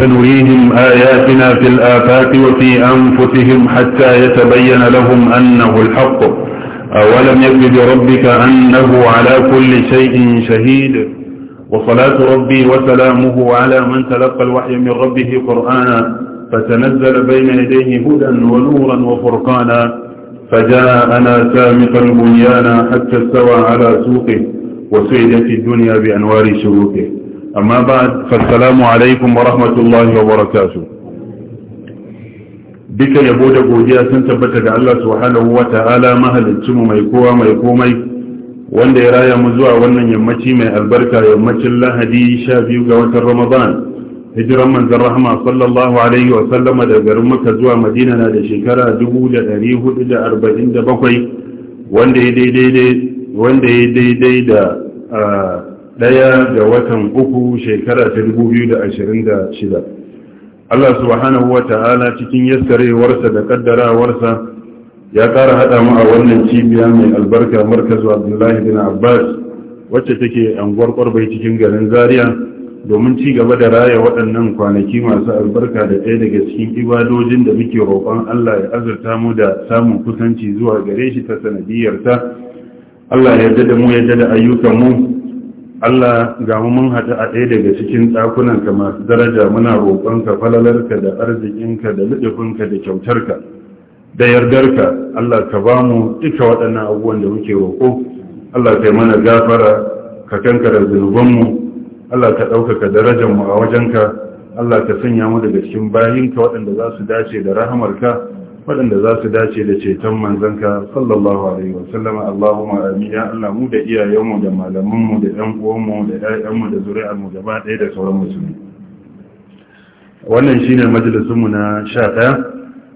ونريهم آياتنا في الآفاق وفي أنفسهم حتى يتبين لهم أنه الحق أولم يجد بربك أنه على كل شيء شهيد وصلاة ربي وسلامه على من تلقى الوحي من ربه قرآنا فتنزل بين يديه هدى ونورا وفرقانا فجاءنا سامق البنيان حتى استوى على سوقه وسعدت الدنيا بأنوار شروقه أما بعد فالسلام عليكم ورحمة الله وبركاته duka yabo da godiya sun tabbata ga Allah subhanahu wa ta'ala mahalicci mu mai kowa mai komai wanda ya raya mu zuwa wannan yammaci mai albarka yammacin lahadi biyu ga watan ramadan hijiran manzon rahma sallallahu alaihi wa sallama da garin maka zuwa madina na da shekara 1447 wanda ya daidai wanda ya daidai da ah, ɗaya da watan uku shekara ta da 2026 Allah subhanahu wa ta'ala cikin yaskarewarsa da kaddarawarsa ya ƙara haɗa mu a wannan cibiya mai albarka markazu abdullahi bin abbas wacce take anguwar ƙwarbai cikin garin zaria domin ci gaba da raya waɗannan kwanaki masu albarka da ɗaya daga cikin ibadojin da muke roƙon Allah ya azurta mu da samun kusanci zuwa gare shi ta sanadiyarta Allah ya yarda da mu ya yarda da ayyukan mu Allah ga mu mun haɗu a ɗaya daga cikin ɗakunan ka masu daraja muna roƙonka falalarka da arzikinka da luɗufinka da kyautarka da yardarka Allah ka ba mu duka waɗannan abubuwan da muke roƙo Allah ka yi mana gafara ka kankara zunubanmu Allah ka ɗaukaka darajarmu a wajenka Allah ka sanya mu daga cikin bayinka waɗanda za su dace da rahamarka waɗanda za su dace da ceton manzanka sallallahu alaihi wasallam Allahumma amin ya Allah mu da iyayenmu da malamanmu da ƴan uwanmu da ƴaƴanmu da zuri'armu ba ɗaya da sauran musulmi wannan shine majalisun mu na 11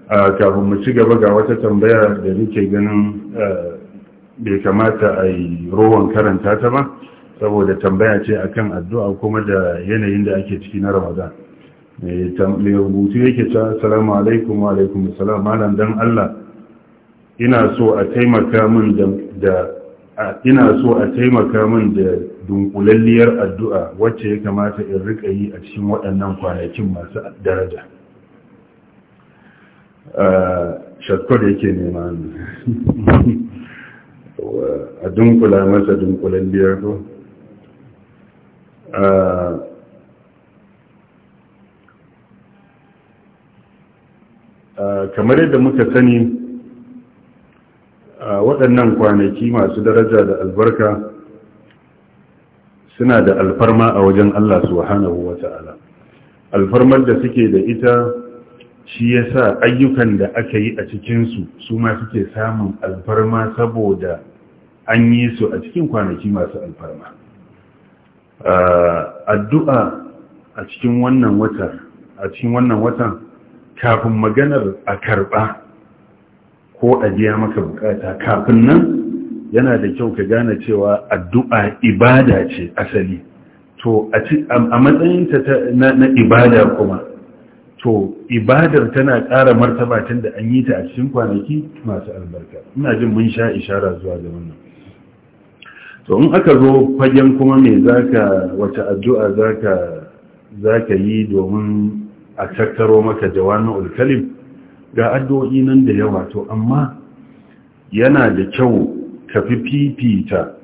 a kafin mu ci gaba ga wata tambaya da nake ganin eh, bai kamata a yi rowan karanta ta ba saboda tambaya ce akan addu'a kuma da yanayin da ake ciki na Ramadan Eh, mai rubutu yake ta salamu alaikum wa alaikum salam malam dan Allah ina so a taimaka min da ina so a taimaka min da dunkulalliyar addu'a wacce ya kamata in rika yi a cikin waɗannan kwanakin masu daraja shakko da yake nema a dunkula masa dunkulalliyar ko kamar yadda muka sani waɗannan kwanaki masu daraja da albarka suna da alfarma a wajen Allah subhanahu wa ta'ala alfarmar da suke da ita shi ya sa ayyukan da aka yi a cikinsu su ma suke samun alfarma saboda an yi su a cikin kwanaki masu alfarma addu'a a cikin wannan watan kafin maganar a karɓa ko a biya maka bukata kafin nan yana da kyau ka gane cewa addu'a ibada ce asali to a matsayinta na ibada kuma to ibadar tana ƙara martaba tun da an yi ta a cikin kwanaki masu albarka ina jin mun sha ishara zuwa da wannan to in aka zo fagen kuma me zaka wace addu'a zaka zaka yi domin a tattaro maka jawami'ul kalim ga addu'o'i nan da yawa to amma yana da kyau ka fi fifita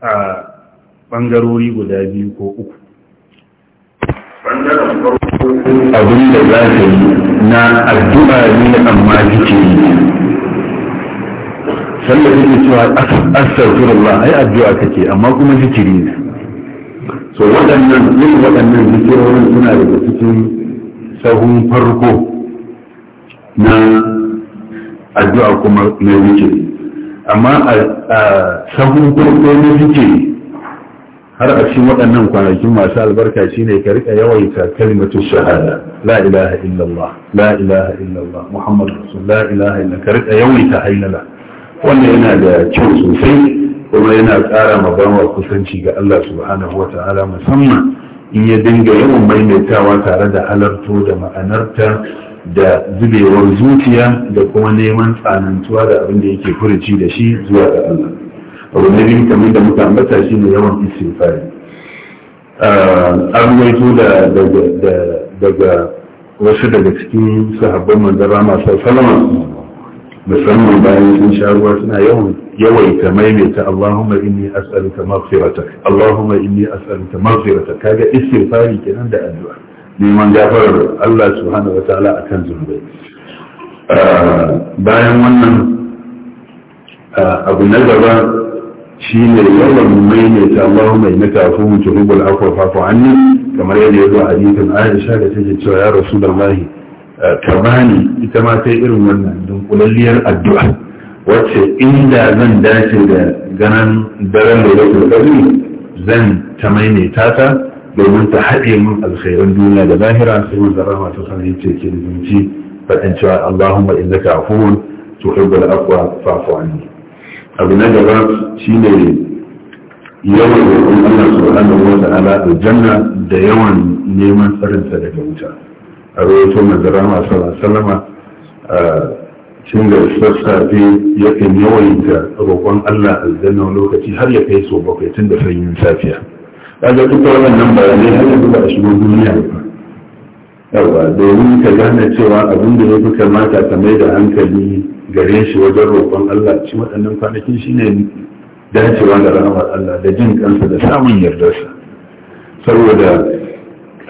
a ɓangarori guda biyu ko uku ɓangaren abin da za ka yi na addu'a ne amma kike yi sallar yake cewa astaghfirullah ai addu'a kake amma kuma zikiri ne so waɗannan yin waɗannan zikirorin suna daga cikin sahun farko na addu'a kuma na wuce amma a sahun farko na wuce har a cikin waɗannan kwanakin masu albarka shine ka rika yawaita kalimatu shahada la ilaha illallah la ilaha illallah muhammad rasul la ilaha illallah ka rika yawaita hailala wannan yana da kyau sosai kuma yana ƙara ma bawa kusanci ga Allah subhanahu wa ta'ala musamman in ya dinga yawan maimaitawa tare da halarto da ma'anarta da zubewar zuciya da kuma neman tsanantuwa da abin da yake furuci da shi zuwa ga Allah abu na biyu kamar da muka ambata shi ne yawan istighfar. Ah, an da daga wasu daga cikin sahabban manzara masu salama musamman bayan sun sha ruwa suna yawan yawaita maimaita Allahumma inni as'aluka maghfiratak Allahumma inni as'aluka maghfiratak kaga istighfari kenan da addu'a neman gafarar Allah subhanahu wataala akan zunubai ah, bayan wannan ah, abu na gaba shine yawan maimaita Allahumma innaka afuwwun tuhibbul afwa fa'fu anni kamar yadda ya zo a Aisha da take cewa ya Rasulullahi ah, ka ita ma sai irin wannan dunkulalliyar addu'a wacce inda zan dace da ganin daren ya qadr zan ta maimaita ta domin ta haɗe min alkhairan duniya da lahira sai mun zarra ta sanar yace ke rubuci faɗin cewa Allahumma innaka afuwun tuhibbul afwa fa'fu abu na gaba shine yawan roƙon Allah subhanahu wa ta'ala da janna da yawan neman tsarinsa daga wuta a rawaito manzara masu sallama shin da sassafe yakan yawaita roƙon Allah aljanna lokaci har ya kai so bakwai tun da sanyin safiya kaga duka wannan bayanai har yanzu ba a shigo duniya ba A'a domin ka gane cewa abin da ya fi kamata ka mai da hankali gare shi wajen roƙon Allah ci waɗannan kwanakin shine dacewa da rahamar Allah da jin kansa da samun yardarsa saboda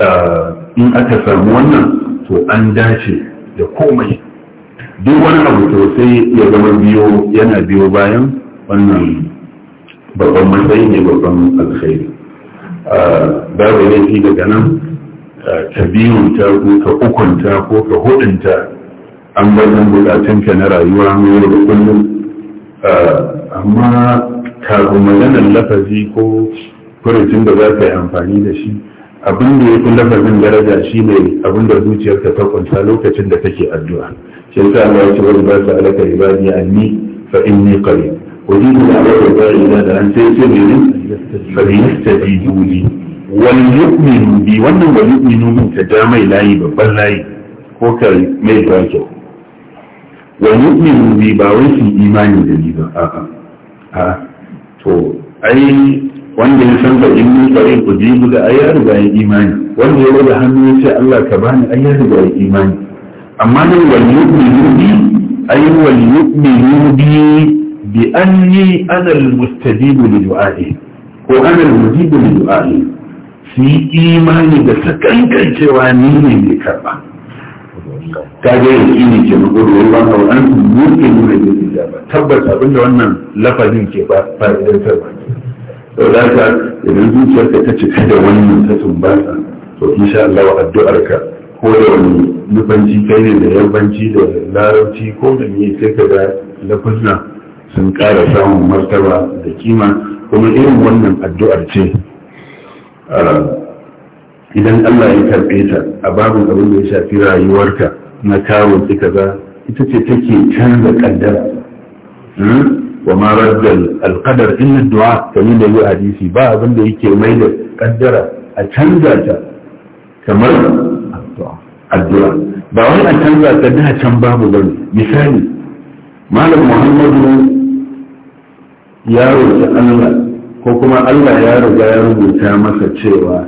ah, in aka samu wannan to an dace da komai duk wani abu to sai ya zama biyo yana biyo bayan wannan babban matsayi ne babban alkhairi ah, babu laifi daga nan ka ah, ta ko ka ukunta ko ka hudunta an bukatun bukatunka na rayuwa mai da kullum ah, amma kafin maganar lafazi ko kuricin da za ka yi amfani da shi abin da ya fi lafazin daraja shi ne abin da zuciyarka ta kwanta lokacin da take addu'a shi yasa Allah ya ce ba sa alaka ibadi anni fa inni qarib wajibu da Allah ya ba ina da an sai sai ne fa yastajibu li wal yu'minu bi wannan wal yu'minu min ta ja layi babban layi ko ka mai ba kyau wal yu'minu bi ba wai su imani da ni ba a'a a to ai wanda ya san ku ya imani wanda ya hannu ya ce Allah ka bani ai ya imani amma nan wal yu'minu bi ay wal yu'minu bi bi anni ana al li du'a'i ko ana al li du'a'i su yi imani da sakankan cewa ni ne mai karba ta ga yanzu ne ke magwado ya baka wa an buɗe nuna da zai ba tabbas abinda wannan lafazin ke ba fa'idantar ba sau da ka idan zuciyarka ta cika da wannan ta tumbata to insha Allah addu'arka ko da wani nufanci kai ne da yambanci da larabci ko da ne sai ka ga lafuzna sun ƙara samun martaba da kima kuma irin wannan addu'ar ce ah, idan Allah ya karɓe ta a babin abin da ya shafi rayuwarka na kawo ki kaza ita ce take canza kaddara hmm? wa ma raddal alqadar inna du'a kamar da yi hadisi ba abin da yake mai da kaddara a canza ta kamar addu'a ba wani a canza ta da can babu ba misali malam muhammadu ya roƙi allah ko kuma allah ya riga ya rubuta masa cewa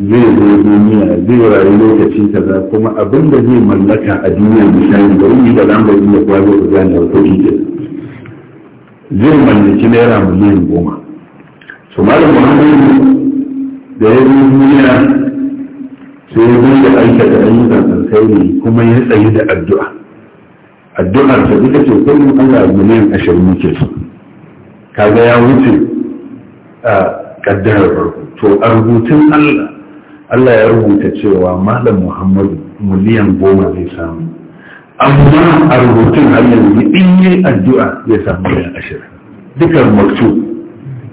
zai zo duniya zai rayu lokaci kaza kuma abin da zai mallaka a duniya misali da wani da lambar inda kuwa zai ku gane wata ike zai mallaki naira miliyan goma su malam muhammadu da ya zo duniya sai ya zai da aikata ayyukan alkhairi kuma ya tsayi da addu'a addu'ar ta duka ce kullum Allah miliyan ashirin muke so kaga ya wuce a kaddarar farko to a rubutun Allah Allah ya rubuta cewa malam Muhammadu miliyan goma zai samu amma a rubutun har yanzu in yi addu'a zai samu miliyan ashirin duka maktu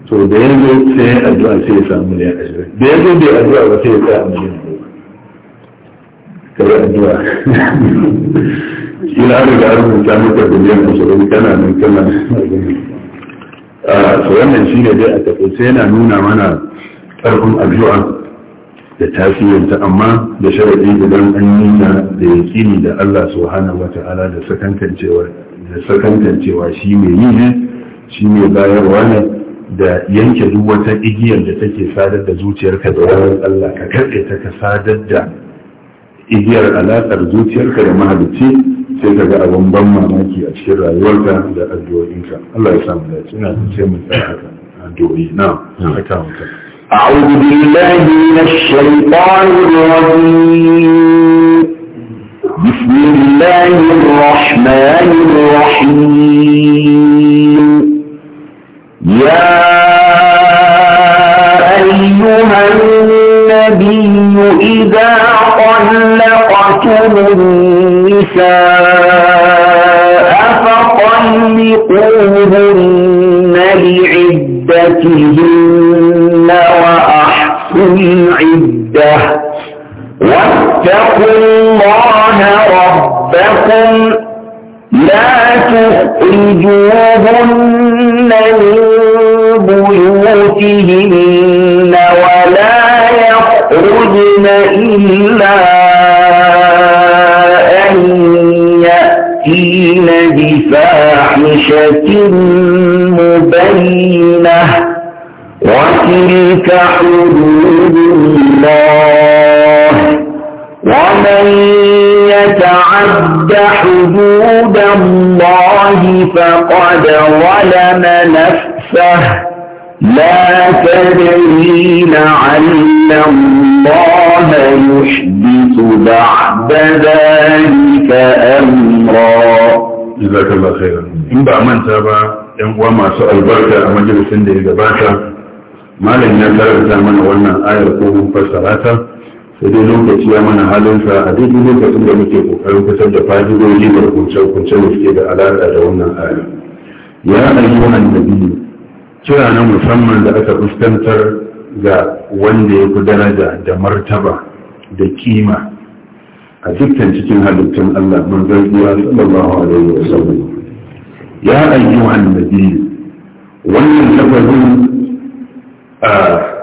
to da ya zo sai addu'a sai ya samu miliyan ashirin da ya zo bai addu'a ba sai ya samu miliyan kai addu'a shi na riga rubuta maka biliyan ashirin kana nan kana so wannan shi ne dai a takaice yana nuna mana ƙarfin addu'a da tasirinta amma da sharaɗi idan an yi ta da yaƙini da Allah subhanahu wata'ala da sakankancewa da shi mai yi ne shi mai bayarwa ne da yanke duk wata igiyar da take sadar da zuciyarka da wani Allah ka karɓe ta ka sadar da igiyar alaƙar zuciyarka da mahalicci sai ka ga abin ban mamaki a cikin rayuwarka da addu'o'inka Allah ya samu dace ina da ce mun haka addu'o'i na haka muka أعوذ بالله من الشيطان الرجيم بسم الله الرحمن الرحيم يا أيها النبي إذا طلقتم النساء فطلقوهن لعدتهن وأحسن العدة واتقوا الله ربكم لا تخرجوهن من بيوتهن يريدون إلا أن يأتين بفاحشة مبينة وتلك حدود الله ومن يتعد حدود الله فقد ظلم نفسه لا تدري لعل الله يحدث بعد ذلك أمرا جزاك الله خيرا إن بأمان سابا ينقوى ما سؤال بركة أمجل سندي إجاباتا ما لن يترك زمن وانا آية قوم فسراتا sai lokaci ya mana halinsa a daidai lokacin da muke kokarin fitar da fa'idoji da hukunce-hukunce da suke da alaƙa da wannan aya ya ayyuhan nabiyyu kira na musamman da aka fuskantar ga wanda ya fi daraja da martaba da kima a dukkan cikin halittun Allah mun Allah sallallahu alaihi wa sallam ya wa annabi wannan lafazin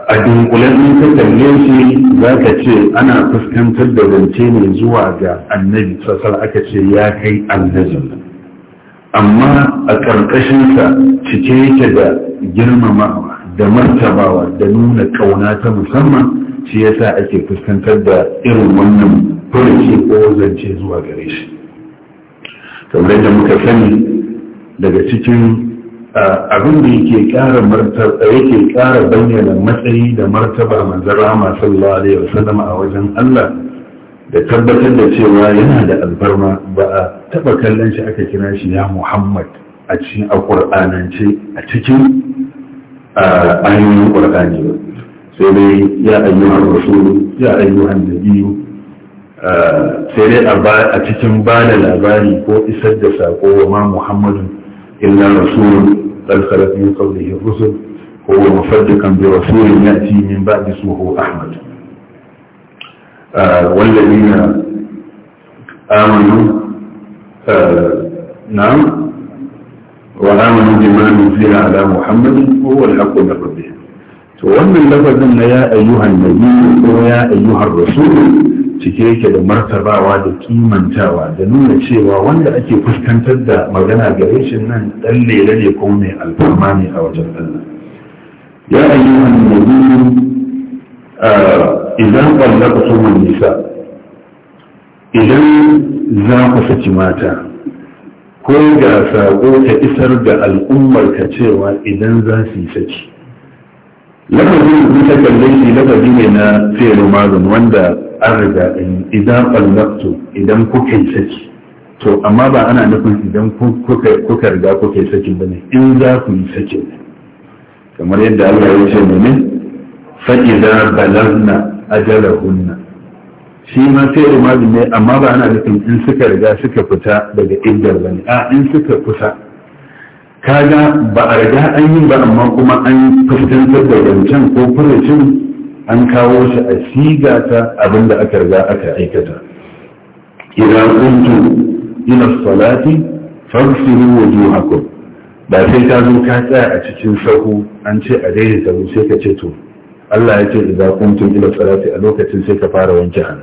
a dunkulen in ka kalle shi za ce ana fuskantar da zance ne zuwa ga annabi sassar aka ce ya kai annabi amma a ƙarƙashinsa cike yake da girmamawa da martabawa da nuna ƙauna ta musamman shi yasa ake fuskantar da irin wannan furuci ko zance zuwa gare shi kamar yadda muka sani daga cikin abin da yake ƙara martaba yake ƙara bayyana matsayi da martaba manzara masu sallallahu alaihi a wajen Allah da tabbatar da cewa yana da alfarma ba a taɓa kallon shi aka kira shi ya muhammad a cikin a ƙur'anance a cikin ayoyin ƙur'ani ba sai dai ya ayyuhan rasulu ya ayyuhan nabiyu sai dai a cikin ba da labari ko isar da saƙo wa ma muhammadun illa rasulun ɗalkalar min qawlihi rusul huwa musaddiqan bi ya ci min ba'di ahmad والذين آمنوا نعم وآمنوا بما نزل على محمد وهو الحق من ربهم wannan lafazin na ya ayyuhan nabi ko ya ayyuhan rasul cike yake da martabawa da kimantawa da nuna cewa wanda ake fuskantar da magana gare shi nan dan lele ne ko mai alfarma ne a wajen Allah ya ayyuhan nabi Eh, idan ɓalla ku sun nisa idan za ku saki mata ko ga saƙo ta isar da al'ummar ka cewa idan za su yi saki lafazin kun ta kalle shi lafazi ne na fiye mazun wanda an riga idan ɓallaktu idan kuka yi saki to amma ba ana nufin idan kuka riga kuka yi saki ba ne in za ku yi saki kamar yadda Allah ya ce ne fa'iza balarna ajalahunna shi ma sai umaru ne amma ba ana nufin in suka riga suka fita daga iddar bane a in suka kusa kaga ba a riga an yi ba amma kuma an fuskantar da wancan ko furucin an kawo shi a siga ta abinda aka riga aka aikata idan kuntu ila salati fagsiru wujuhakum ba sai ka zo ka tsaya a cikin sahu an ce a daidaita sai ka ce to Allah ya ce idza kuntum ila salati a lokacin sai ka fara wanke hannu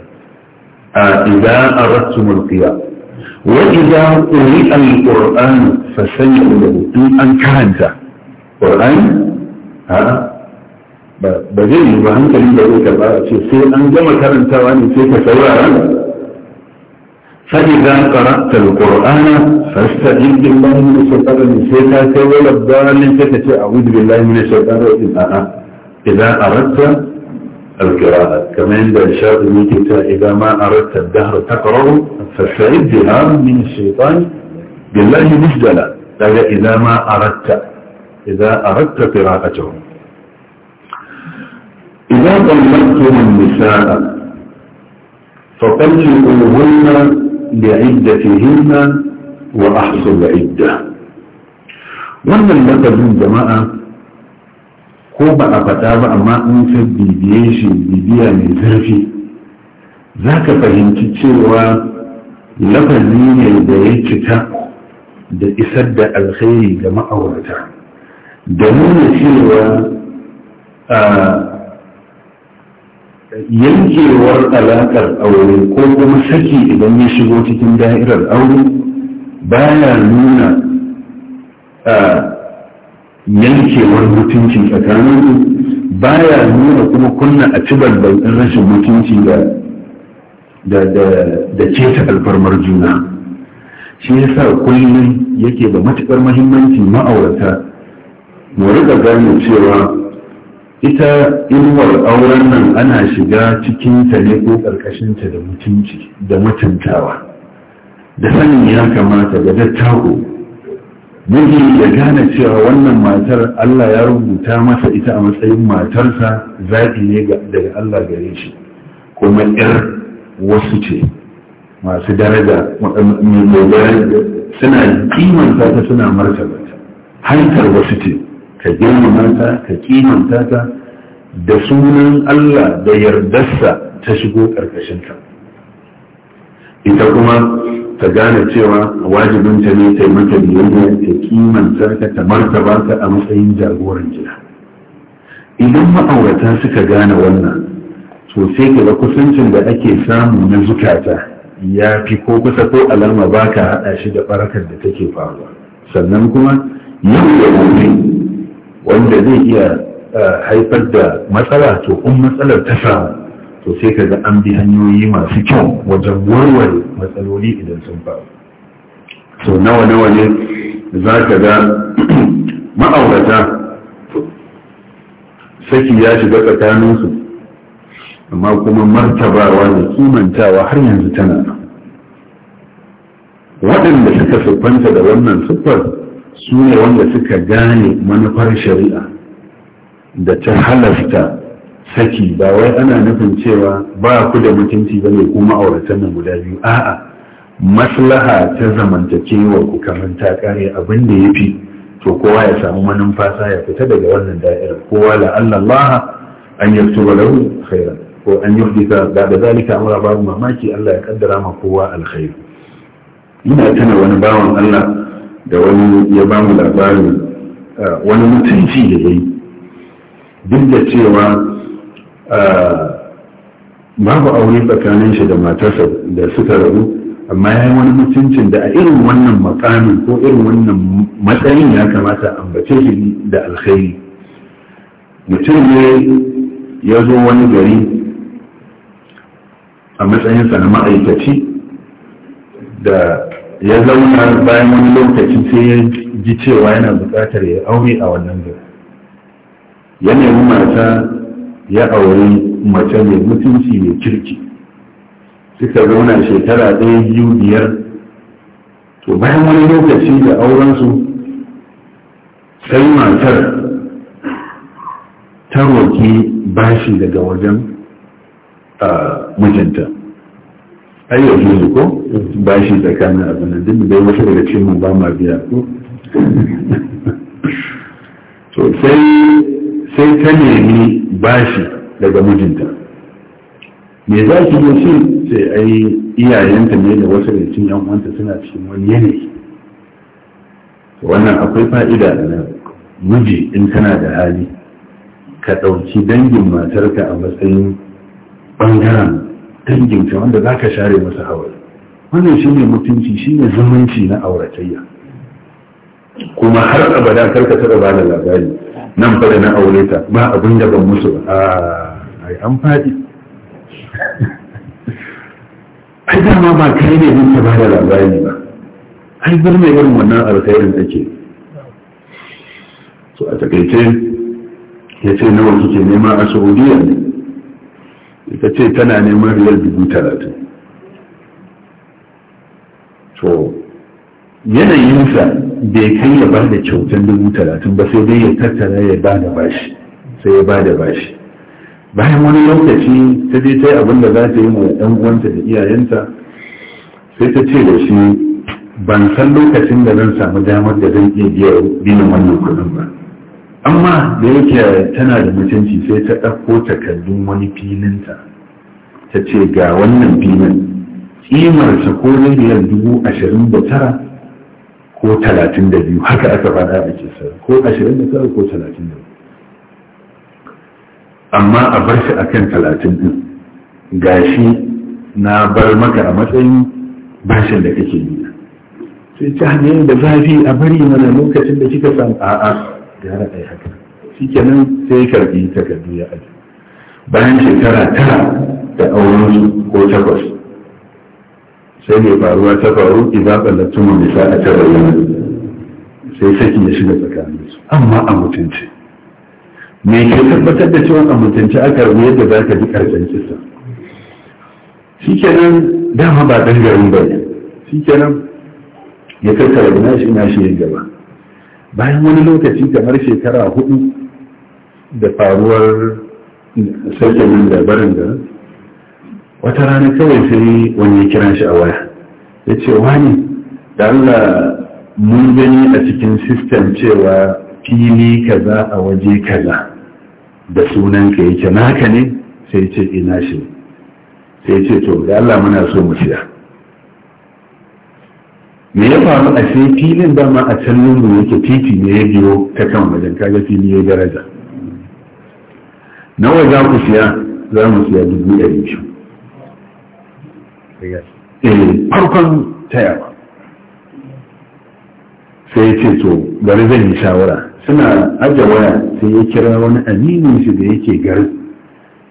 a idza aradtumul qiyam wa idza quri'a al-qur'an fasayyidu lahu in an karanta qur'ani ha ba zai yi ba hankali da zai karba a ce sai an gama karantawa ne sai ka saurara فإذا قرأت القرآن فاستعذ بالله من الشيطان الرجيم سيكا سوى لبان لك أعوذ بالله من الشيطان الرجيم إذا أردت القراءة كما عند إنشاء كتاب إذا ما أردت الدهر تقرأ فاستعد بها من الشيطان بالله مجدلا إذا ما أردت إذا أردت قراءته إذا طلقتم النساء فطلقوهن لعدتهن وأحصل عدة وأن اللفظ جماعة ko ba a faɗa ba amma in ka bibiye shi bibiya mai zurfi za ka fahimci cewa lafazi ne da ya cika da isar da alkhairi ga ma'aurata da nuna cewa yankewar alaƙar aure ko kuma saki idan ya shigo cikin da'irar aure baya nuna yankewar mutunci tsakanin ya nuna kuma kunna a ci balbalin rashin mutunci da da keta alfarmar juna shi ya sa kullum yake da matukar mahimmanci ma'aurata mu riƙa gane cewa ita inuwar auren nan ana shiga cikinta ne ko ƙarƙashinta da mutunci da mutuntawa da sanin ya kamata da dattako miji ya gane cewa wannan matar Allah ya rubuta masa ita a matsayin matarsa zaɓi ne daga Allah gare shi kuma ‘yar wasu ce masu daraja suna kimanta ta suna martaba ta hantar wasu ce ka girmama ta ka kimanta ta da sunan Allah da yardarsa ta shigo ƙarƙashinta ita kuma ta gane cewa wajibin ta ne ta mata biyayya ta kimanta ka ta martaba ka a matsayin jagoran gida idan ma'aurata suka gane wannan to sai ka ga kusancin da ake samu na zukata ya fi ko kusa ko alama ba ka haɗa shi da barakar da take faruwa sannan kuma yau da gobe wanda zai iya eh, haifar da matsala to in matsalar ta samu to sai ka ga an bi hanyoyi masu kyau wajen warware matsaloli idan sun faru so nawa nawa ne za ka ga ma'aurata saki ya shiga tsakaninsu amma kuma martabawa da kimantawa har yanzu tana waɗanda suka siffanta da wannan siffar su ne wanda suka gane manufar shari'a da ta halasta saki ba wai ana nufin cewa ba ku da mutunci ba ne kuma auratan nan guda biyu a'a maslaha ta zamantakewar ku kamar ta kare abin da ya fi to kowa ya samu manumfasa ya fita daga wannan da'irar kowa la Allah an yaktuba lahu khairan ko an yuhdisa da da zalika amura babu mamaki Allah ya kaddara ma kowa alkhairu. ina tana wani bawan Allah da wani ya ba mu labarin ah, wani mutunci da yayi duk da cewa Ah, babu aure tsakanin shi da matarsa da suka rabu amma ya yi wani mutuncin da a irin wannan makamin ko irin wannan matsayin ya kamata ambace shi da alkhairi mutum ne ya zo wani gari a matsayinsa na ma'aikaci da ya zauna bayan wani lokaci sai ya ji cewa yana buƙatar ya aure a wannan gari ya nemi mata ya auri mace mai mutunci mai kirki suka zauna shekara ɗaya biyu biyar to bayan wani lokaci da aurensu sai matar ta roƙi bashi daga wajen mijinta ai yanzu ko bashi tsakanin abin da duk da wasu daga cikin ba ma biya ko to sai sai ta nemi bashi daga mijinta me za ki yi shi sai ai iyayenta ne da wasu da cin yan'uwanta suna cikin wani yanayi wannan akwai fa'ida na miji in kana da hali ka ɗauki dangin matarka a matsayin ɓangaren danginta wanda za ka share masa hawa wannan shi ne mutunci shi ne zumunci na auratayya kuma har abada karka taɓa ba da labari nan fara na aure ta ba abin da ban musu a ai an faɗi ai dama ba kai ne bin ba da labari ba ai birnin irin wannan alkhairin ake so a takaice ya ce nawa kike nema a saudiya ne ita ce tana neman riyar dubu talatin so yanayinsa bai kai ya bada kyautan dubu talatin ba sai dai ya tattara ya da bashi sai ya bada bashi bayan wani lokaci ta je ta yi abin da za ta yi wa ɗan uwanta da iyayenta sai ta ce da shi ban san lokacin da zan samu damar da zan iya biya biyan wannan kuɗin ba amma da yake tana da mutunci sai ta ɗauko takardun wani filinta ta ce ga wannan filin ƙimarsa ko rubiyar dubu ashirin da tara ko talatin da biyu haka aka faɗa a ke sa ko ashirin da tara ko talatin da biyu amma a bar shi a kan talatin ɗin gashi na bar maka a matsayin bashin da kake yi sai ta hanyar da zafi a bari mana lokacin da kika san a'a gara ɗaya haka shi kenan sai ya karɓi takardu ya aji bayan shekara tara da auren ko takwas sai mai faruwa ta faru idan tsallatun mu nisa a ta bayyana sai saki ya shiga tsakaninsu amma a mutunci me ke tabbatar da cewa a mutunci aka rabu yadda za ka ji karshen kisa shi kenan dama ba ɗan garin ba ne shi kenan ya karkara da nashi nashi yin gaba bayan wani lokaci kamar shekara hudu da faruwar sarkin da barin garin wata rana kawai sai wani ya kira shi a waya ya ce wani da Allah mun gani a cikin sistem cewa fili kaza a waje kaza da sunan ka yake naka ne sai ce ina shi sai ce to da Allah muna so mu siya me ya faru a sai filin ma a can lungu yake titi ne ya biyo ta kan wajen kaga fili ya daraja nawa za ku siya za mu siya dubu ɗari taya eh, farkon taya ba sai ya ce to bari zan yi shawara suna ajiye waya sai ya kira wani aminin shi da yake gari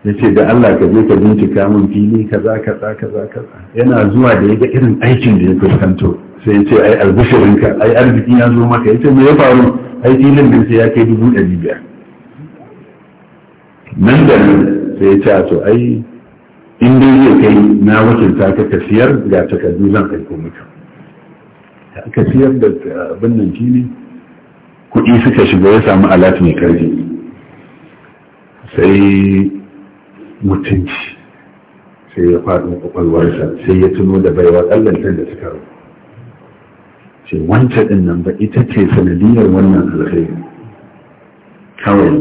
ya ce da Allah ka je ka bincika mun fili kaza kaza kaza kaza yana zuwa da ya ga irin aikin da ya fuskanto sai ya ce ai ka. ai arziki ya zo maka ya ce me ya faru ai filin din sai ya kai dubu ɗari biyar nan da nan sai ya ce a to ai in dai zai kai na wakilta ka tafiyar ga takardu zan aiko maka ka siyar da abin nan ne kuɗi suka shiga ya samu alat mai karfi sai mutunci sai ya faɗi kwakwalwarsa sai ya tuno da baiwa ƙallantar da suka rubu ce wancan ɗin nan ba ita ce sanadiyar wannan alkhairi kawai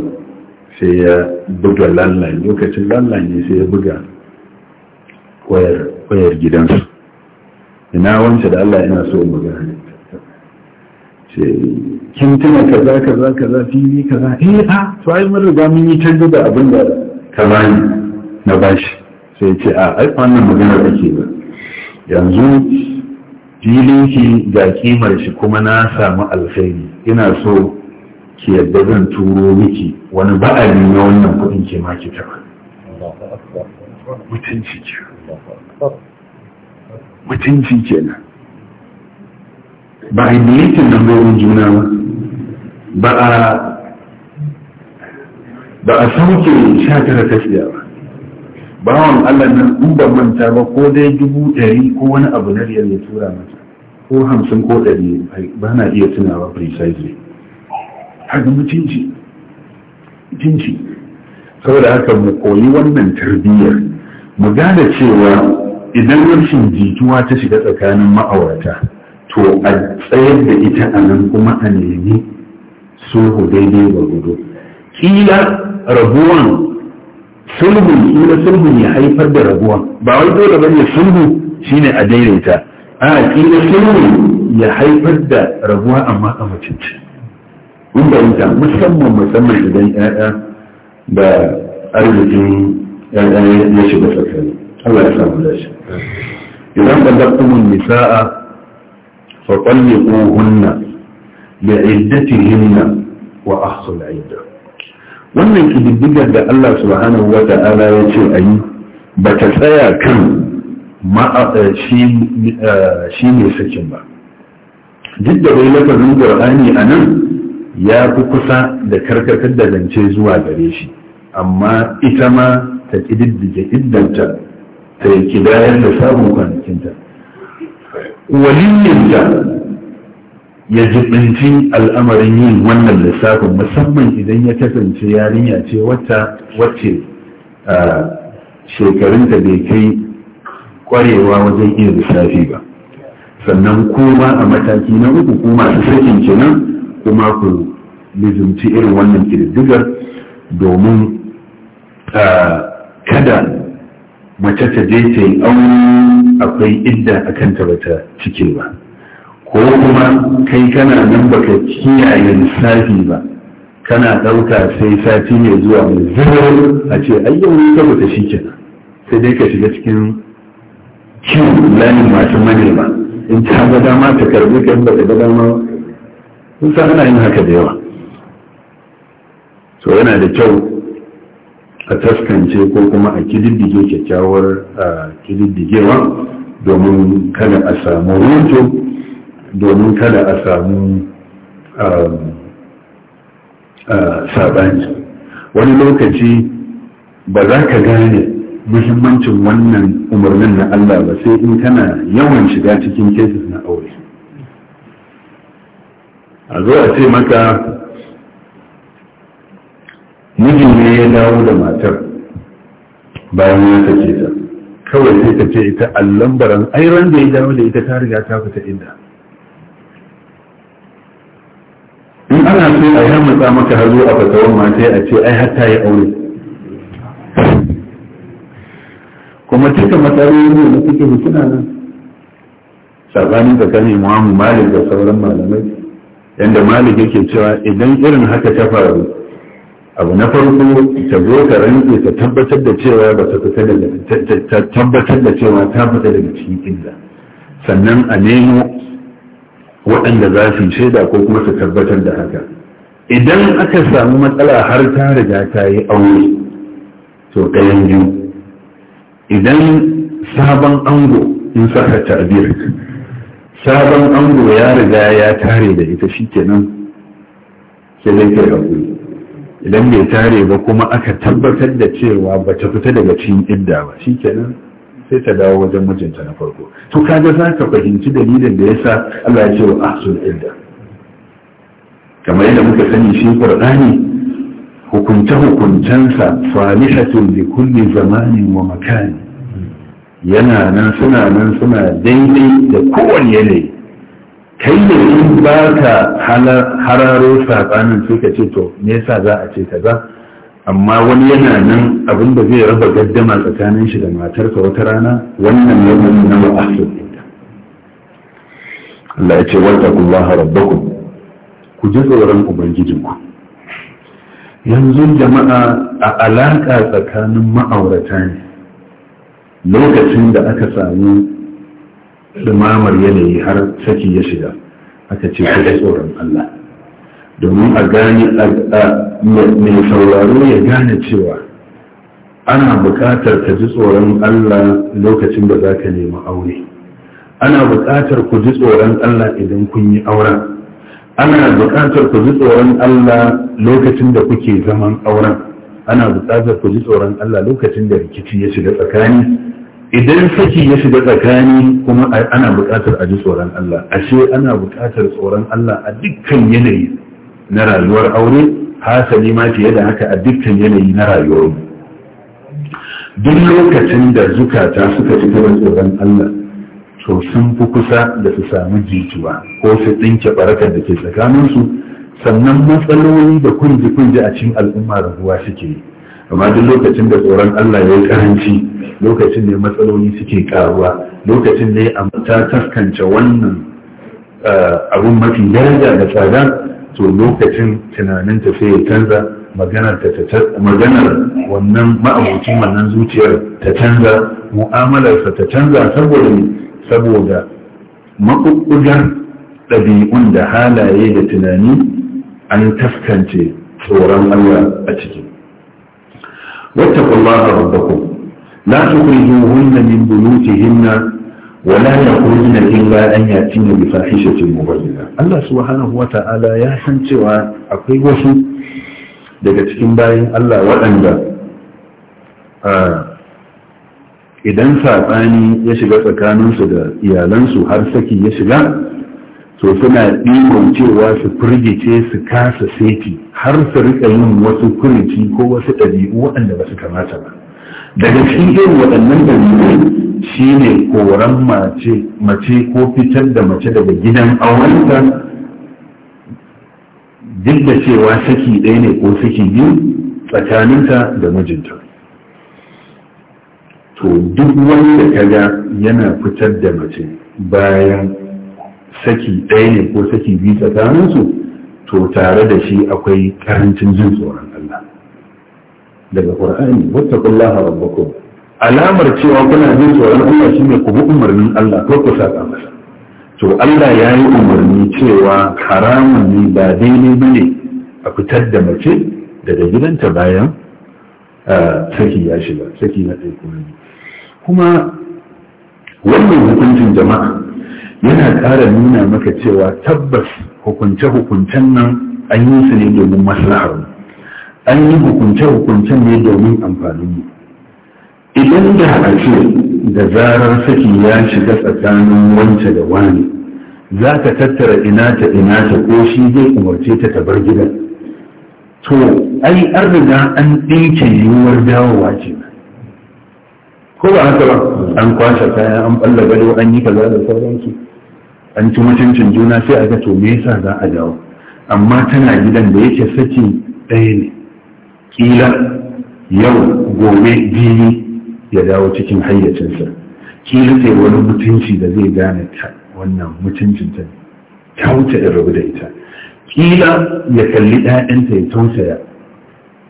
sai ya buga lalani lokacin lalani sai ya buga wayar gidansu ina wance da Allah yana so mu magana ce kin tuna kaza kaza kaza fili kaza eh a to ai mun riga mun yi tanda da abin da kaza ne na bashi sai ce a ai wannan magana ake ba yanzu filin ki ga kimar shi kuma na samu alkhairi ina so ki yadda zan turo miki wani ba'ali na wannan kuɗin ke ma ki taɓa mutunci ki mutunci kenan ba a yi yake nan juna ba a ba a sauke sha tara tafiya ba bawan Allah nan in ban manta ba ko dai dubu ɗari ko wani abu na riyar ya tura mata ko hamsin ko ɗari ba na iya tunawa precisely haka mutunci mutunci saboda haka mu koyi wannan tarbiyyar mu gane cewa idan rashin jituwa ta shiga tsakanin ma'aurata to a tsayar da ita a nan kuma a nemi sulhu daidai ga gudu kila rabuwan sulhu, kila sulhu ya haifar da rabuwan ba wai dole ne sulhu shine a daidaita a kila sulhu ya haifar da rabuwa amma a macinci yi ta, musamman musamman idan 'ya'ya da arzikin ya shiga tsakani Allah ya samu shi. idan balaqtumun nisaa fa talliquhunna li iddatihinna wa ahsul idda wannan kididdigar da Allah subhanahu wa ta'ala ya ce ayi ba ta tsaya kan eh, eh, shi ne sakin ba duk da bai lafazin qur'ani a nan ya fi kusa da karkatar da zance zuwa gare shi amma ita ma ta ƙididdige iddanta ta yi kidayar da samun kwanakinta waliyinta ya jibinci al'amarin yin wannan lissafin musamman idan ya kasance yarinya ce wata wacce shekarunta bai kai kwarewa wajen iya lissafi ba sannan kuma a mataki na uku kuma su sakin kenan kuma ku lizumci irin wannan ƙididdigar domin kada mace ta je ta yi aure akwai idda a kanta bata cikin cike ba ko kuma kai kana nan baka kiyaye lissafi ba kana ɗauka sai sati mai zuwa mai zuwa a ce ayyau ta bata shi kenan sai dai ka shiga cikin cin layin masu manema in ta ga dama ta karbi ka in ga dama kun san ana yin haka da yawa To yana da kyau a taskance ko kuma a kididdige kyakkyawar kididdigewa domin kada a samu rinto domin kada a samu um, sabani wani lokaci ba za ka gane muhimmancin wannan umarnin na Allah ba sai in kana yawan shiga cikin kesis na aure a zo ce maka mijin sai ya dawo da matar bayan ya sake ta kawai sai ta ce ita allon baran ai ran da ya dawo da ita ta riga ta fita inda in ana so a yi matsa maka hazo a fatawan ma a ce ai hatta ya aure kuma cika ne da suke hukuna nan sabanin tsakanin imamu malik da sauran malamai yadda malik yake cewa idan irin haka ta faru abu na farko ta zo ka rantse ta tabbatar da cewa ba ta fita daga ta tabbatar da cewa ta fita daga cikin illa sannan a nemo waɗanda za su shaida ko kuma su tabbatar da haka idan aka samu matsala har ta riga ta yi aure to ɗayan biyu idan sabon ango in saka tabir sabon ango ya riga ya tare da ita shi kenan sai dai kai hakuri idan bai tare ba kuma aka tabbatar da cewa ba ta fita daga cikin idda ba shikenan sai ta dawo wajen mijinta na farko to kaga za ka fahimci dalilin da yasa Allah ya ce wa ahsul idda kamar yadda muka sani shi Qur'ani hukunce hukuncensa salihatun li kulli zamanin wa makani yana nan suna nan suna daidai da kowane yanayi kai in ba ka hararo saɓanin sai ka ce to me yasa za a ce kaza amma wani yana nan abin da zai raba gaddama tsakanin shi da matarsa wata rana wannan yawon na wa'asu Allah ya ce wata kullaha rabbakum ku ji tsoron ubangijinku yanzu jama'a a alaƙa tsakanin ma'aurata ne lokacin da aka samu ɗumamar yanayi har saki ya shiga aka ce ku da tsoron Allah domin a gane mai sauraro ya gane cewa ana buƙatar ka ji tsoron Allah lokacin da za ka nemi aure ana buƙatar ku ji tsoron Allah idan kun yi auren ana buƙatar ku ji tsoron Allah lokacin da kuke zaman auren ana buƙatar ku ji tsoron Allah lokacin da rikici ya shiga tsakani idan saki ya shiga tsakani kuma ana buƙatar a ji tsoron Allah ashe ana buƙatar tsoron Allah a dukkan yanayi na rayuwar aure hasali ma fiye da haka a dukkan yanayi na rayuwar duk lokacin da zukata suka ci gaban tsoron Allah to sun fi kusa da su samu jituwa ko su tsinke barakar da ke tsakaninsu sannan matsaloli da kunji-kunji a cikin al'umma rabuwa suke yi amma duk lokacin da tsoron Allah ya yi karanci lokacin ne matsaloli suke karuwa lokacin ne a ta taskance wannan eh, abun mafi daraja da tsada to lokacin tunaninta sai ya canza maganar wannan ma'abocin wannan zuciyar ta canza mu'amalarsa ta canza saboda saboda maƙuƙugar ɗabi'un da halaye da tunani an taskance tsoron Allah a ciki واتقوا الله ربكم لا تخرجوهن من بيوتهن ولا يخرجن الا ان ياتين بفاحشة مبينة الله سبحانه وتعالى يا سنتوا اكوي وسو daga cikin bayin Allah waɗanda idan saɓani ya shiga tsakaninsu da iyalansu har saki ya shiga so suna ɗiban cewa su firgice su kasa seti har su rika yin wasu kurici ko wasu ɗabi'u waɗanda ba su kamata ba daga cikin waɗannan ɗabi'u shi ne koran mace ko fitar da mace daga gidan aurenta duk da cewa saki ɗaya ne ko saki biyu tsakaninta da mijinta to duk wanda kaga yana fitar da mace bayan saki ɗaya ne ko saki biyu tsakaninsu to tare da shi akwai karancin jin tsoron Allah daga Qur'ani wattaqullaha rabbakum alamar cewa kuna jin tsoron Allah shine ku bi umarnin Allah ko ku saka masa to Allah ya yi umarni cewa haramun ne ba daidai bane a fitar da mace daga gidanta bayan saki ya shiga saki na ɗaya kuma wannan hukuncin jama'a yana ƙara nuna maka cewa tabbas hukunce-hukuncen nan an yi su ne domin maslahar an yi hukunce-hukuncen ne domin amfaninmu idan da a ce da zarar saki ya shiga tsakanin wance da wani za ka tattara ina ta ina ta ko shi zai umarce ta ta bar gidan to ai an riga an ɗinke yiwuwar dawowa ce ko ba haka ba an kwashe kaya an ɓalla gado an yi kaza da sauransu an ci mutuncin juna sai a ga to me yasa za a dawo amma tana gidan da yake saki ɗaya ne kila yau gobe biyu ya dawo cikin hayyacinsa kila sai wani mutunci da zai gane ta wannan mutuncin ta ta wuce in rabu da ita kila ya kalli ɗayanta ya tausaya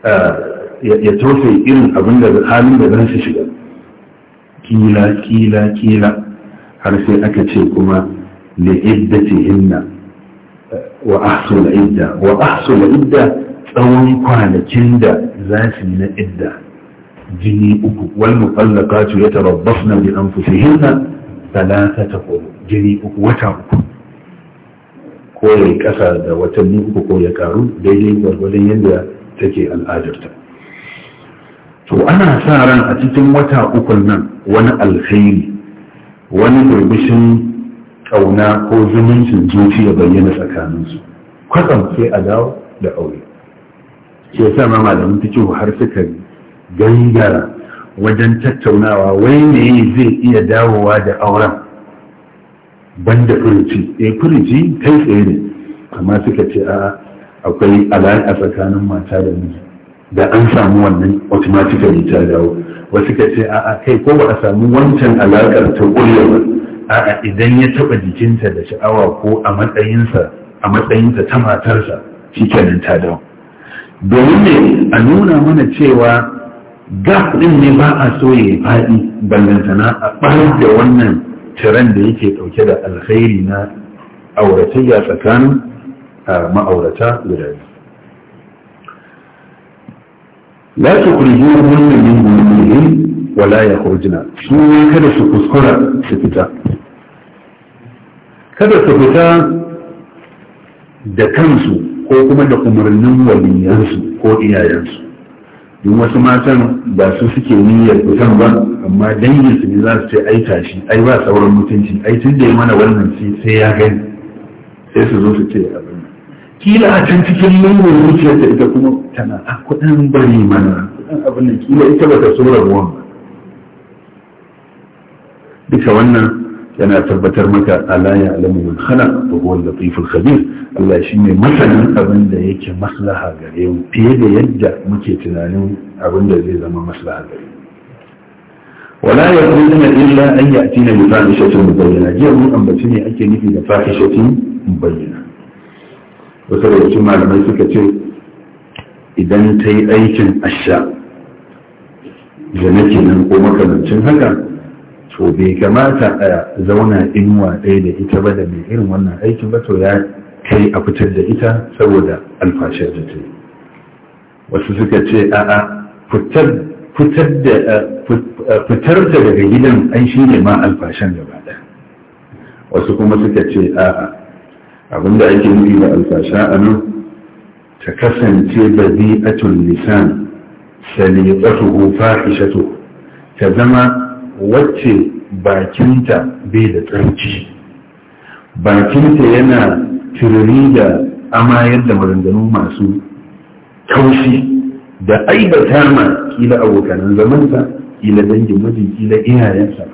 eh, ya tausaya irin abin da halin da zan su shiga kila kila kila har sai aka ce kuma li'iddatihinna wa ahsul idda wa ahsul idda tsawon kwanakin da za su yi na idda jini uku wal muqallaqatu yatarabbasna bi anfusihinna thalathata quru jini uku wata uku ko ya kasa da watanni uku ko ya karu daidai gwargwadon yadda take al'adarta to ana sa ran a cikin wata ukun nan wani alkhairi wani gurbishin ƙauna ko zumuncin zuci ya bayyana tsakaninsu kwatsam sai a dawo da aure Ke sa ma malamin fikihu har suka gangara wajen tattaunawa wai ne zai iya dawowa da auren banda furuci eh furuci kai tsaye ne amma suka ce a akwai alaƙa tsakanin mata da miji da an samu wannan automatically ta dawo wasu ka ce a kai ko ba a samu wancan alaƙar ta ƙulle ba a'a idan ya taba jikinta da sha'awa ko a matsayinsa a matsayinsa ta matarsa kenan ta dawo domin ne a nuna mana cewa gaf ɗin ne ba a so ya yi faɗi ballantana a ɓarar da wannan tiran da yake ɗauke da alkhairi na auratayya tsakanin ma'aurata guda biyu la wannan yin buyutihim wala ya shi su kada su kuskura su fita kada su fita da kansu ko kuma da umarnin waliyansu ko iyayensu don wasu matan ba su suke niyyar fitan ba amma danginsu ne za su ce ai tashi ai ba sauran mutunci ai tun da ya mana wannan sai ya gani sai su zo su ce abin kila a can cikin lungun zuciyarta ita kuma tana a ah, kudin bari mana kudin abin nan kila ita ba ta tsoron rabuwan ba duka wannan yana tabbatar maka a ya alamu man khana wa huwa latiful khabir Allah shine masanin abin da yake maslaha gare mu fiye da yadda muke tunanin abin da zai zama maslaha gare mu wala yakuna illa an yatina bi fahishatin mubayyana jiya mun ambaci ne ake nufi da fahishatin mubayyana wasu da malamai suka ce idan ta yi aikin asha da nake nan ko makamancin haka so bai kamata a zauna inuwa ɗaya da ita ba da mai irin wannan aikin ba to ya kai a fitar da ita saboda alfashar da ta yi wasu suka ce a'a fitar da daga gidan an shi ne ma alfashan gaba ɗaya wasu kuma suka ce a'a abinda ake nufi da alfasha a nan ta kasance ba badi'atul lisan saliqatuhu fahishatuhu ta zama wacce bakinta bai da tsarki bakinta yana tururi da amayar da maganganu masu taushi da aibata ma kila abokanan zamanta kila dangin mijin kila iyayensa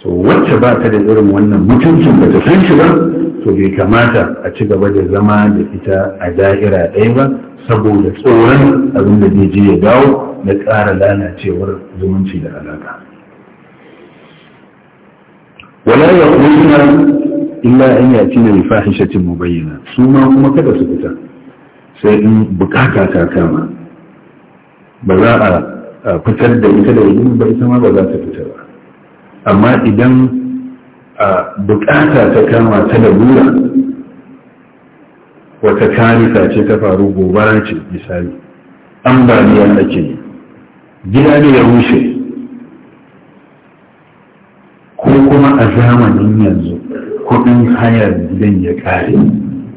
to wacce ba ta da irin wannan mutuncin ba ta san shi ba to bai kamata a ci gaba da zama da ita a da'ira ɗaya ba saboda tsoron abin da zai je ya dawo na ƙara lalacewar zumunci da alaƙa. wala ya kuma illa an yaci na bifahishatin mubayyana su ma kuma kada su fita sai in bukata ta kama ba za a fitar da ita da yin ba ita ma ba za ta fita ba amma idan bukata ta kama ta da bura wata karisa ce ta faru gobara ce misali ambaliya ake gida ne ya rushe ko kuma a zamanin yanzu kuɗin hayar gidan ya ƙare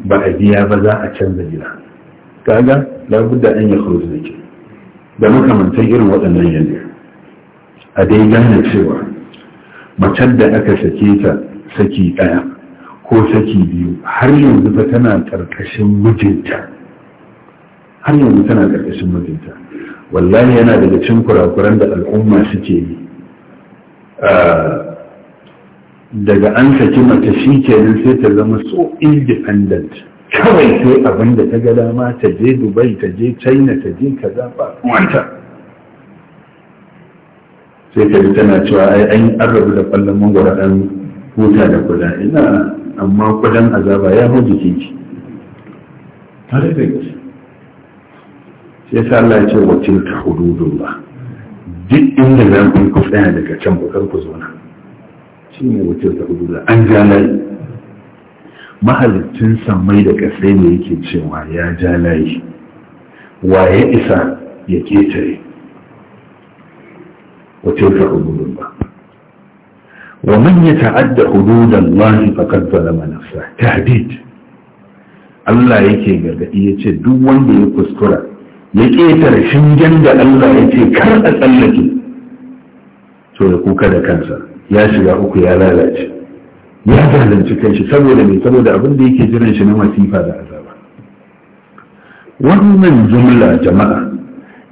ba a biya ba za a canza gida kaga da an ya kuru da ke da makamantar irin waɗannan yanzu a dai gane cewa macen da aka sake ta saki ɗaya ko saki biyu har yanzu fa tana ƙarƙashin mijinta har yanzu tana ƙarƙashin mijinta wallahi yana daga cin kurakuran da al'umma suke yi ah, daga an saki mata shi ke nan sai ta zama so independent kawai sai abin da ta ga dama ta je dubai ta je china ta je kaza ba wanta sai ka tana cewa ai an rabu da kwallon mangwara an huta da kuda ina amma kudan azaba ya hau jikin ki tare da gaske sai sa Allah ya ce wa tilka hududullah duk inda zan kun ku daga can bukar ku zo na shi ne wucin da an jalayi mahalittin samai da ƙasai ne yake cewa ya jalayi wa ya isa ya ƙetare? ketare wucin sa'udulun ba wa man ya ta'adda hududan lahi fakat zalama nafsa tahdid Allah yake gargadi ya ce duk wanda ya kuskura ya ƙetare shingen da Allah ya ce kar a tsallake to ya kuka da kansa ya shiga uku ya lalace ya zalunci kai shi saboda mai saboda abin da yake jiran shi na masifa da azaba wannan jumla jama'a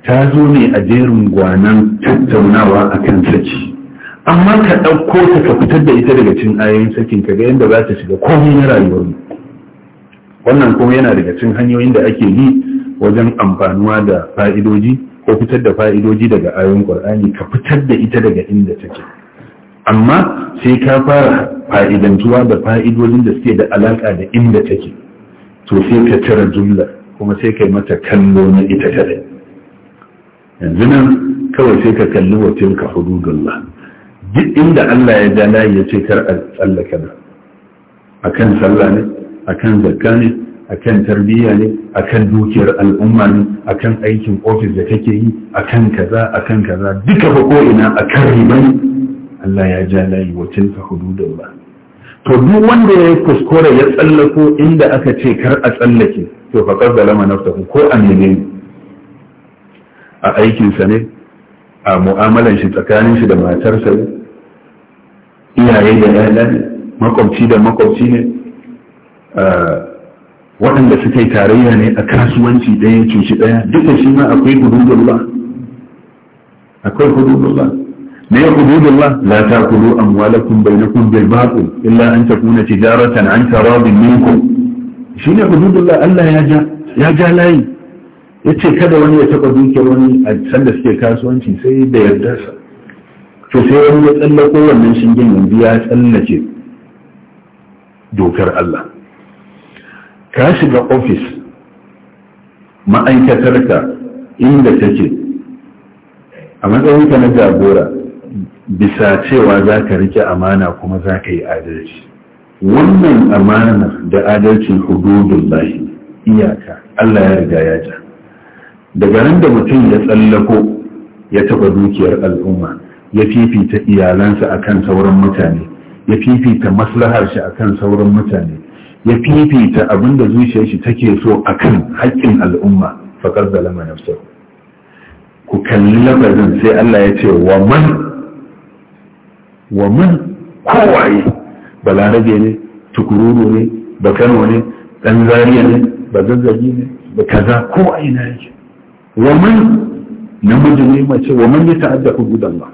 ta zo ne a jerin gwanan tattaunawa kan saki amma ka ɗauko ta ka fitar da ita daga cin ayoyin sakin ka ga yadda za ta shiga komai na rayuwar mu wannan kuma yana daga cin hanyoyin da ake yi wajen amfanuwa da fa'idoji ko fitar da fa'idoji daga ayoyin ƙwar'ani ka fitar da ita daga inda take amma sai ka fara fa'idantuwa da fa'idodin da suke da alaƙa da inda take to sai ka cire jumla kuma sai ka yi mata kallo na ita kadai yanzu nan kawai sai ka kalli wa tilka hududullah duk inda Allah ya ja layi ya ce kar a tsallaka A kan sallah ne akan zakka ne kan tarbiyya ne akan dukiyar al'umma ne akan aikin ofis da kake yi akan kaza akan kaza duka ba ko'ina, a akan riba ne Allah ya ja layi wa tilka ba. to duk wanda ya yi kuskure ya tsallako inda aka ce kar a tsallake to fa da lama nafsahu ko a nene a aikinsa ne a mu'amalan shi tsakanin shi da matarsa ne iyaye da yaya ne makwabci da makwabci ne waɗanda suka yi tarayya ne a kasuwanci ɗaya cuci ɗaya duka shi ma akwai ba. akwai ba. ne hududullah la takulu amwalakum bainakum bil batil illa an takuna tijaratan an taradin minkum shine hududullah Allah ya ja ya ja layi yace kada wani ya taba dukiyar wani a sanda suke kasuwanci sai da yarda sa to sai wani ya tsallako wannan shingen yanzu ya tsallace dokar Allah ka shiga ofis ma'aikatarka inda take a matsayinka na jagora bisa cewa za ka rike amana kuma za ka yi adalci wannan amana da adalcin hududun lahi iyaka Allah ya riga ya ja daga nan da mutum ya tsallako ya taba dukiyar al'umma ya fifita iyalansa akan sauran mutane ya fifita maslahar shi akan sauran mutane ya fifita abin da zuciyar shi take so akan haƙƙin al'umma faƙar zalama nafsa ku kalli lafazin sai Allah ya ce wa man wa mun kowaye balarabe ne tukururu ne ba kano ne dan zariya ne ba zazzagi ne ba kaza kowaye na yake wa mun namiji ne mace wa mun ya ta'adda hududan ba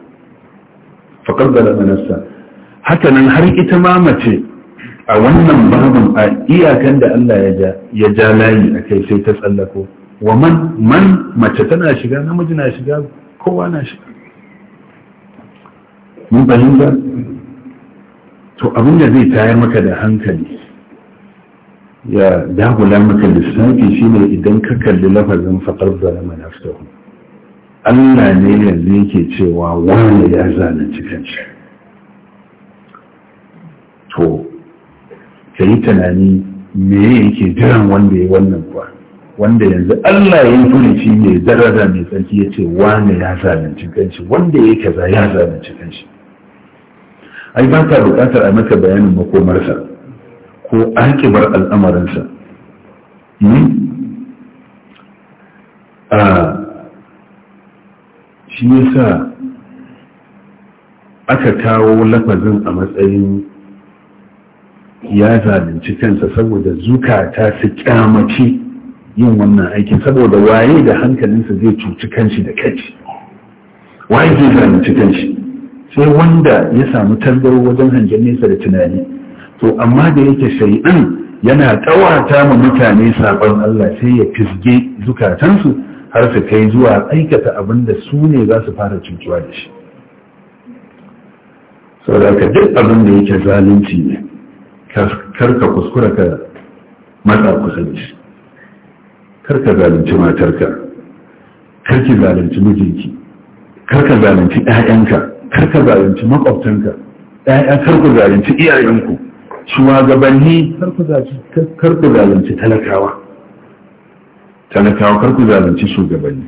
faqad zalama nafsa haka nan har ita ma mace a wannan babin a iyakan da Allah ya ja layi a kai sai ta tsallako wa man man mace tana shiga namiji na shiga kowa na shiga mun fahimta to abin da zai tayar maka da hankali ya dagula maka lissafi shi ne idan ka kalli lafazin faƙar zalama nafsahu Allah ne yanzu yake cewa wani ya zalunci kanshi to ka yi tunani me yake jiran wanda ya wannan kuwa wanda yanzu Allah ya yi furuci mai daraja mai tsarki ya ce wani ya zalunci kanshi wanda ya kaza ya zalunci kanshi ai ba ta bukatar a maka bayanin makomarsa ko bar al'amarinsa hmm? a shi yasa aka kawo lafazin a matsayin ya zalunci kansa saboda zukata su kyamaci yin wannan aikin saboda waye da hankalinsa zai cuci kanshi da kanshi waye zai zalunci kanshi sai wanda ya samu tangaro wajen hangen nesa da tunani to amma da yake shari'an yana tsawata ma mutane sabon Allah sai ya fisge zukatansu har su kai zuwa aikata abin da su ne za su fara cutuwa da shi saboda ka duk abin da yake zalunci ne kar ka kuskura ka matsa kusa da shi kar ka zalunci matarka kar ki zalunci mijinki kar ka zalunci 'ya'yanka karka zalunci makwabtanka ɗaya karka zalunci iyayenku gabanni karka zalunci talakawa talakawa karku zalunci shugabanni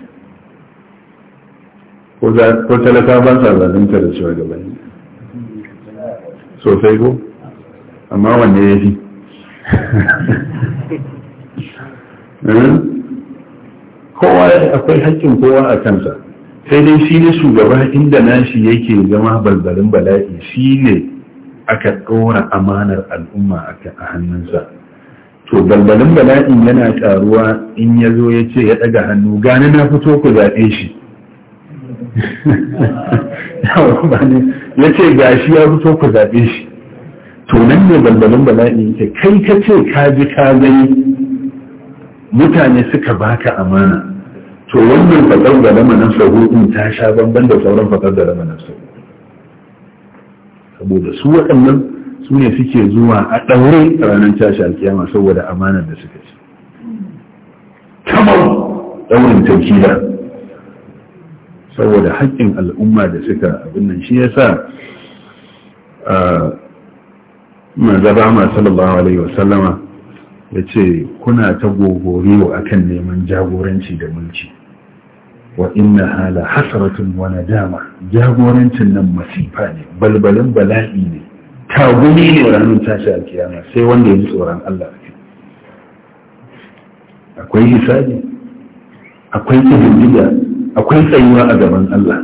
ko talakawa ba sa zalunta da shugabanni sosai ko amma wanne ya fi eh? kowa akwai haƙƙin kowa a kansa sai dai shi ne shugaba inda nashi yake zama balbalin bala'i shi ne aka ɗora amanar al'umma a hannunsa to balbalin bala'i yana ƙaruwa in ya zo ya ce ya ɗaga hannu gani na fito ku zaɓe shi ya ce ga shi ya fito ku zaɓe shi to nan ne balbalin bala'i yake kai ka ce ka ji ka gani mutane suka baka amana to wannan fakar da lama na sahu ta sha bamban da sauran fakar da lama nan saboda su waɗannan su ne suke zuwa a ɗaure ranar tashi alkiyama saboda amanar da suka ci kamar ɗaurin taukida saboda haƙƙin al'umma da suka abin nan shi yasa manzaba ma sallallahu alaihi wasallama ya ce kuna ta gogoriyo akan neman jagoranci da mulki wa inna hala hasratun wa nadama jagorancin nan masifa ne balbalin bala'i ne tagumi ne ranar tashi alkiyama sai wanda ya ji tsoron Allah akwai hisabi akwai kididdiga akwai tsayuwa a gaban Allah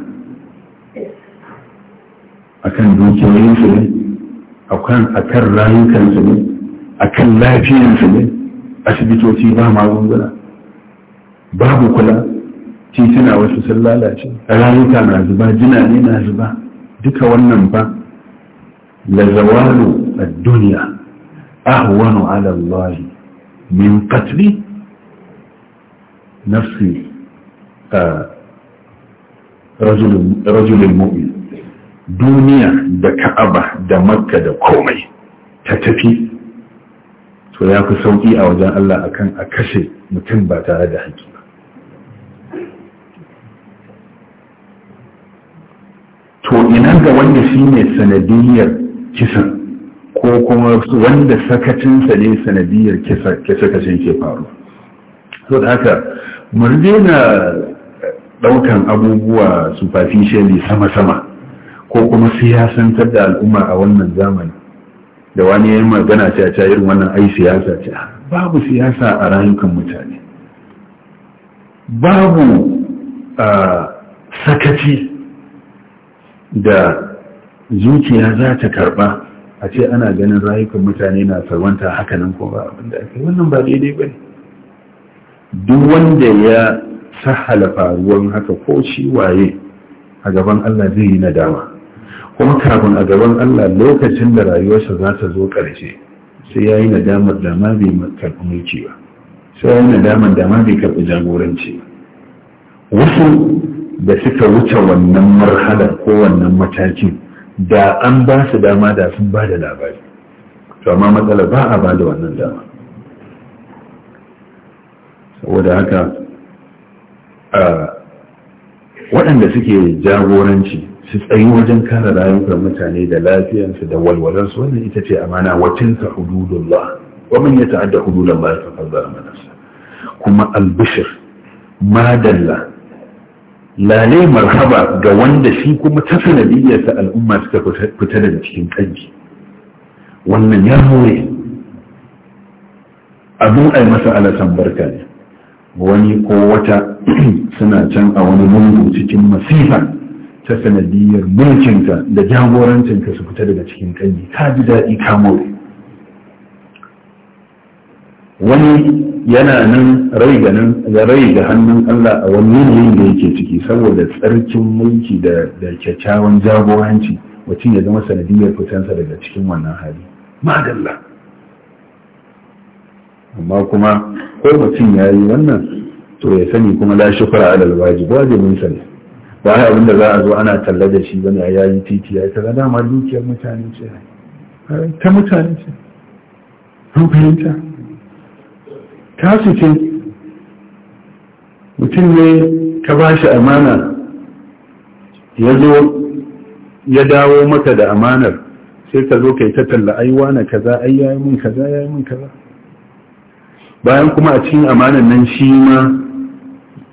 akan dukiyoyinsu ne akan akan rayukansu ne akan lafiyansu ne asibitoci ba magunguna babu kula tituna wasu sun lalace rayuka na zuba jinane na zuba duka wannan ba lazawalu a duniya ahwanu ala Allah min qatli nafsi rajulun mu'min duniya da ka'aba da makka da komai ta tafi to ya fi sauƙi a wajen Allah akan a kashe mutum ba tare da haƙi to ina ga wanda shi ne sanadiyar kisan ko kuma wanda sakacinsa ne sanadiyar kisa-kacin ke faru so da haka murje na daukan abubuwa superficially sama-sama ko kuma siyasantar da al'umma a wannan zamani da wani ya yi magana ce a irin wannan ai siyasa ce babu siyasa a rayukan mutane babu ah, sakaci da zuciya za ta karba a ce ana ganin rayukan mutane na sarwanta hakanan ko ba abin da ake wannan ba daidai ba ne duk wanda ya sahala faruwan haka ko shi waye a gaban Allah zai yi nadama kuma kafin a gaban Allah lokacin da rayuwarsa za ta zo ƙarshe sai ya yi nadamar da ma bai karɓi mulki ba sai ya yi nadamar da ma bai karɓi jagoranci ba wasu da suka wuce wannan marhalar ko wannan matakin da an ba su dama da sun ba da labari to amma matsala ba a ba da wannan dama saboda haka waɗanda suke jagoranci su tsayi wajen kare rayukan mutane da lafiyarsu da walwalarsu wannan ita ce amana wacinta hududullah wa man yata'adda hududullah fa qad zalama kuma albishir madalla lale marhaba ga wanda shi kuma ta sanadiyyarsa al'umma suka fita daga cikin kanki wannan ya more abin ai masa alasan barka ne wani ko wata suna can a wani mungu cikin masifa ta sanadiyyar mulkinka da jagorancinka su fita daga cikin kanki ka ji daɗi ka more wani yana nan rai ga nan rai ga hannun Allah a wani yanayin da yake ciki saboda tsarkin mulki da da kyakkyawan jagoranci mutum ya zama sanadiyar fitansa daga cikin wannan hali madalla amma kuma ko mutum ya yi wannan to ya sani kuma la shukura alal wajib wajibin sa ba ya abinda za a zo ana talla da shi wani ya yi titi ya ta dama dukiyar mutane ce ta mutane ce an fahimta tasu ce mutum ne ka ba shi amana ya zo ya dawo maka da amanar sai ka zo ka yi tattalla aiwa na kaza ai yi min kaza yi min kaza bayan kuma a cikin amanar nan shi ma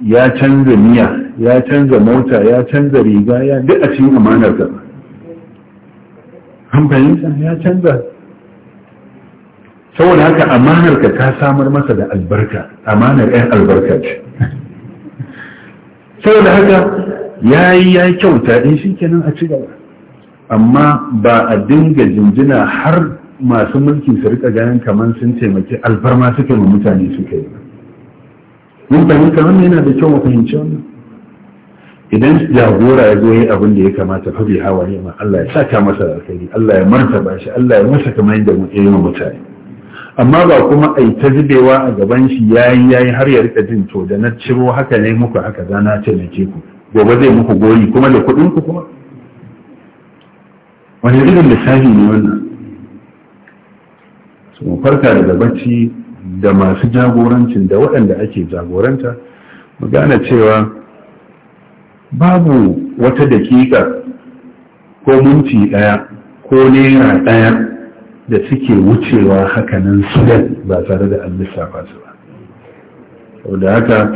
ya canza miya ya canza mota ya canza riga ya duk a cikin amanar ka. an fahimta ya canza saboda haka amanar ka ta samar masa da albarka amanar yan albarka ce saboda haka ya yi ya kyauta ɗin eh, shi kenan a ci gaba amma ba a dinga jinjina har masu mulki su rika ganin kamar sun taimaki alfarma suke ma mutane suka yi mun fahimta wannan yana da kyau mu fahimci wannan idan jagora ya zo yi abin da ya kamata fa bai hawa ne ma Allah ya saka masa alkhairi Allah ya martaba shi Allah ya masa kamar yadda mu yi mutane amma ba kuma ai ta zubewa a gaban shi yayi yayi har ya rika jin to da na ciro haka ne muku haka za na ce nake ku gobe zai muku gori kuma da kuɗin ku kuma wani irin da shahi ne wannan su mu farka daga bacci da masu jagorancin da waɗanda ake jagoranta mu gane cewa babu wata dakika ko minti ɗaya ko naira ɗaya da suke wucewa hakanan sudan ba tare da an ba su ba sau da haka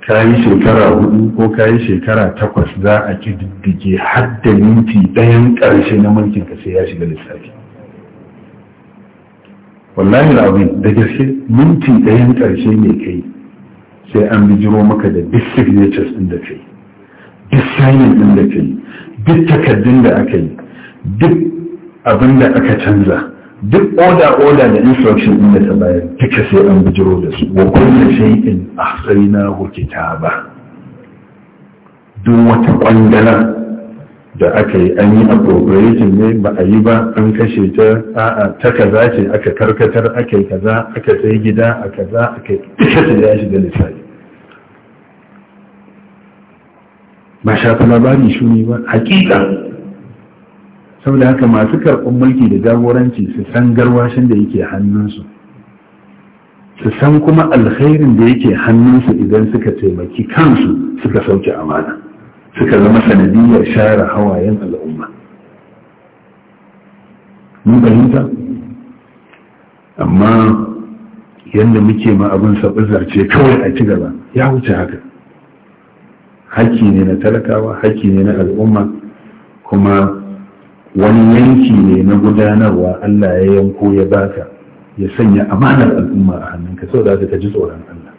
ka yi shekara hudu ko ka yi shekara takwas za a kididdige har da minti ɗayan ƙarshe na mulkin ka sai ya shiga lissafi wallahi abin da gaske minti ɗayan ƙarshe ne kai sai an bijiro maka da duk signatures ɗin da kai duk signing ɗin da kai duk takardun da aka yi duk abin da aka canza duk oda oda da instruction din da ta bayar kika sai an bijiro da su wa kullu shay'in hukita ba. duk wata kwangala da aka yi an yi a appropriation ne ba a yi ba an kashe ta a'a ta kaza ce aka karkatar aka yi kaza aka sai gida a kaza aka yi kashe ya shiga lissafi ba shafi labari shuni ba hakika saboda haka masu karɓar mulki da jagoranci su san garwashin da yake hannunsu su san kuma alkhairin da yake hannunsu idan suka taimaki kansu suka sauke amana suka zama sanadiyar share hawayen al'umma mun fahimta amma yadda muke ma abin ce kawai a ci gaba ya wuce haka haƙƙi ne na talakawa haƙƙi ne na al'umma kuma wani yanki ne na gudanarwa Allah ya yanko ya baka ya sanya amanar al'umma a hannunka sau da ka ji tsoron Allah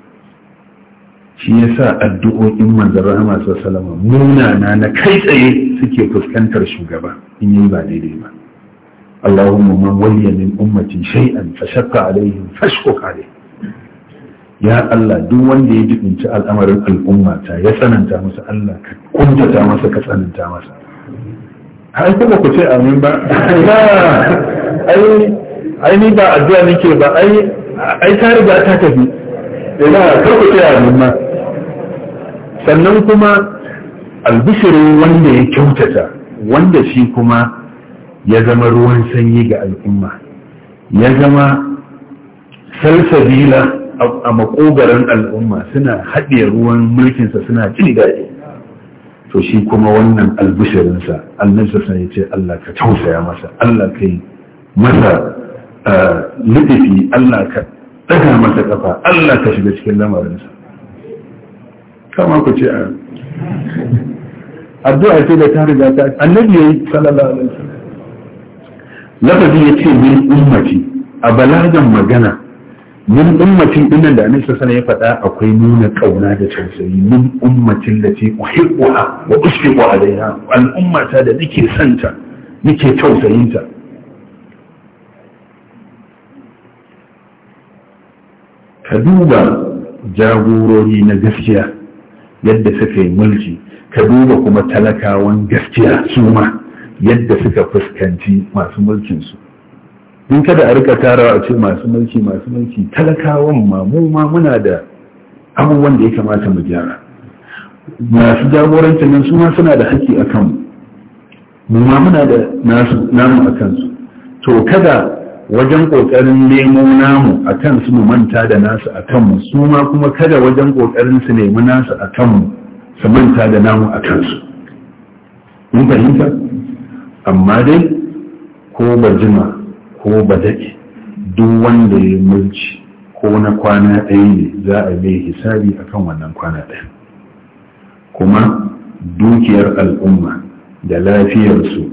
shi ya sa addu'o'in manzan rahama su salama munana na kai tsaye suke fuskantar shugaba in yi ba daidai ba Allahumma man waliya min ummatin shay'an fa shakka alaihim fashkuk alaihim ya Allah duk wanda ya jibinci al'amarin al'ummata ya tsananta masa Allah ka kuntata masa ka tsananta masa har kuma ku ce amin ba ai ai ni ba addu'a nake ba ai ai ta riga ta tafi ina kar ku ce amin ma sannan kuma albishirin wanda ya kyautata wanda shi kuma ya zama ruwan sanyi ga al'umma ya zama salsabila a makogaran al'umma suna haɗe ruwan mulkinsa suna jin daɗi to shi kuma wannan albisharinsa annabi ya ce Allah ka tausaya masa Allah ka yi masa eh, lidifi Allah ka daga masa kafa Allah ka shiga cikin lamarinsa kama ku ce a addu'a ce da ta riga ta annabi yi sallallahu alaihi wasallam lafazi ce min ummati a balagan magana min ummatin dinnan da annabi sallallahu ya faɗa akwai nuna kauna da tausayi min ummatin da ce uhibbuha wa ushfiqu alaiha al'ummata da nake santa nake tausayinta ka duba jagorori na gaskiya yadda suka yi mulki ka duba kuma talakawan gaskiya su ma yadda suka fuskanci masu mulkinsu in kada a rika tara a ce masu mulki masu mulki talakawan ma mu ma muna da abubuwan da ya kamata mu gyara masu jagoranci nan su ma suna da haƙƙi a kanmu mu ma muna da namu a kansu to kada wajen ƙoƙarin nemo namu a kansu mu manta da nasu a kanmu su ma kuma kada wajen ƙoƙarin su nemi nasu a kanmu su manta da namu a kansu in fahimta amma dai ko bar jima ko ba daɗe duk wanda ya mulki ko na kwana ɗaya ne za a mai hisabi akan wannan kwana ɗaya kuma dukiyar al'umma da lafiyarsu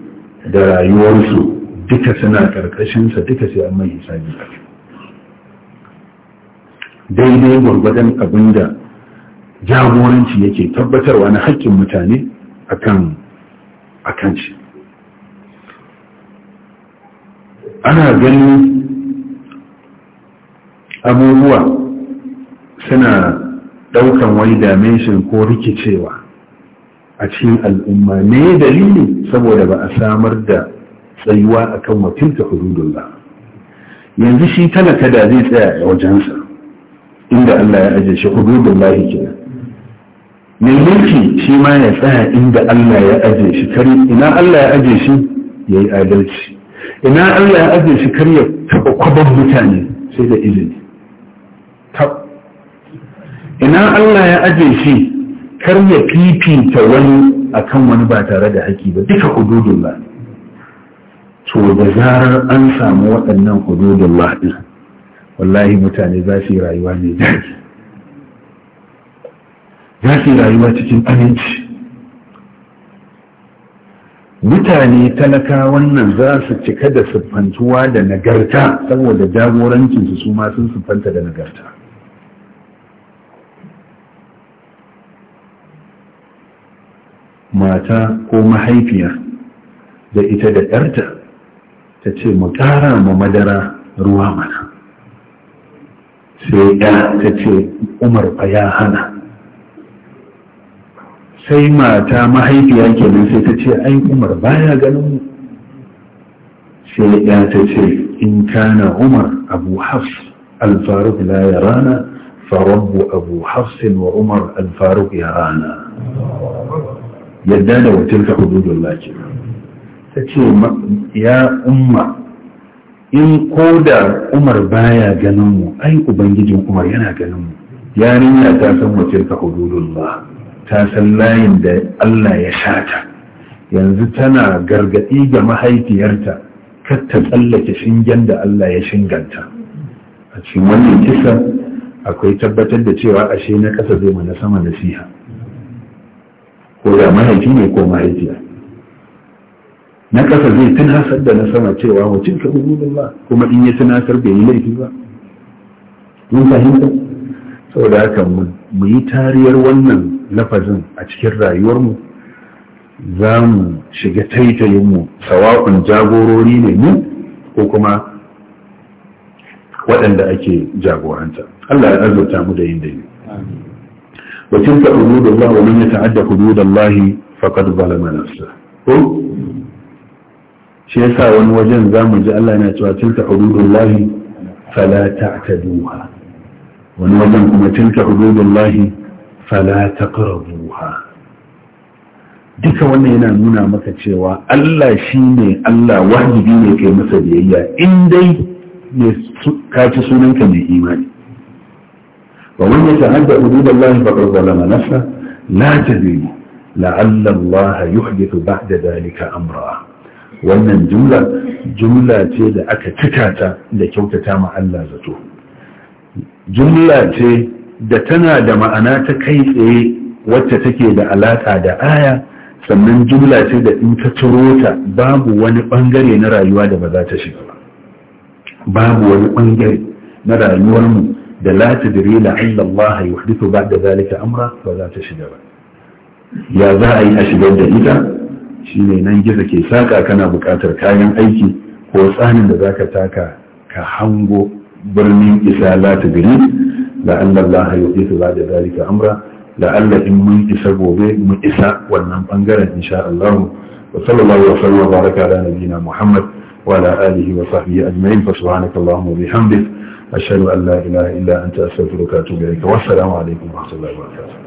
da rayuwarsu duka suna ƙarƙashinsa duka sai an mai hisabi a daidai gwargwadon abin da jagoranci yake tabbatarwa na haƙƙin mutane akan akan shi ana ganin abubuwa suna daukan wani dimension ko rikicewa a cikin al'umma ne dalili saboda ba a samar da tsayuwa akan wakilta ba yanzu shi talaka da zai tsaya a wajensa inda Allah ya ajiye shi lahi kenan mai mulki shi ma ya tsaya inda Allah ya ajiye shi kare ina Allah ya ajiye shi yayi adalci ina Allah ya ajiye shi kar ya taɓa kwabar mutane sai da izini ina Allah ya ajiye shi kar ya fifita wani akan wani ba tare da haƙi ba duka ba. to da zarar an samu waɗannan ba ɗin wallahi mutane za su yi rayuwa mai daɗi za su yi rayuwa cikin aminci mutane talaka wannan za su cika da siffantuwa da nagarta saboda jagorancinsu su ma sun siffanta da nagarta mata ko mahaifiya da ita da ɗarta ta ce mu ƙara ma madara ruwa mana sai ya ta ce umar ya hana sai mata mahaifiya kenan sai ta ce ai umar baya ganin mu sai ya ta ce in kana umar abu hafs alfaruk la ya rana farabbu abu hafsin wa umar alfaruk ya rana yadda da ka hududullah ke ta ce ya umma in ko da umar baya ganin mu ai ubangijin umar yana ganin mu yarinya ta san ka watilka hududullah ta san layin da Allah ya shata yanzu tana gargaɗi ga mahaifiyarta kar ta tsallake shingen da Allah ya shinganta a cikin wannan kisa akwai tabbatar da cewa ashe na ƙasa zai mana sama nasiha ko da mahaifi ne ko mahaifiya na ƙasa zai tunasar da na sama cewa mutum ka gudu ba kuma in ya tunasar bai yi laifi ba mun fahimta saboda haka mun mu yi tariyar wannan lafazin a cikin rayuwarmu za mu shiga taitayinmu sawa'un jagorori ne mu ko kuma waɗanda ake jagoranta Allah ya azurta mu da yin daidai wa tilka hududullah wa man yata'adda hududallah faqad zalama nafsa ko shi yasa wani wajen zamu ji Allah yana cewa tilka hududullah fala ta'taduha wani wajen kuma tilka hududullahi fala taqrabuha duka wannan yana nuna maka cewa Allah shine Allah wajibi ne kai masa biyayya in dai ne ka ci sunanka mai imani wa man yata'adda manasa? Na zalama nafsa la tadri da Allah yuhdithu da dhalika amra wannan jumla jumla ce da aka cika ta da kyautata ma Allah zato jumla ce da tana da ma'ana ta kai tsaye wacce take da alaƙa da aya sannan jumla ce da in ta ciro ta babu wani ɓangare na rayuwa da ba za ta shiga ba babu wani ɓangare na rayuwarmu da la ta dire la Allah ya ba da zalika amra ba za ta shiga ba ya za a yi a shigar da ita shine nan gizo ke saka kana buƙatar kayan aiki ko tsanin da za ka taka ka hango birnin isa la tadri la anna allaha yuqitu ba'da dhalika amra da allah in mun isa gobe mun isa wannan bangaren insha Allah wa sallallahu wa sallam wa baraka ala nabiyyina Muhammad wa ala alihi wa sahbihi ajma'in fa subhanaka allahumma wa bihamdik ashhadu an la ilaha illa anta astaghfiruka wa atubu ilaik wa assalamu alaikum wa rahmatullahi wa barakatuh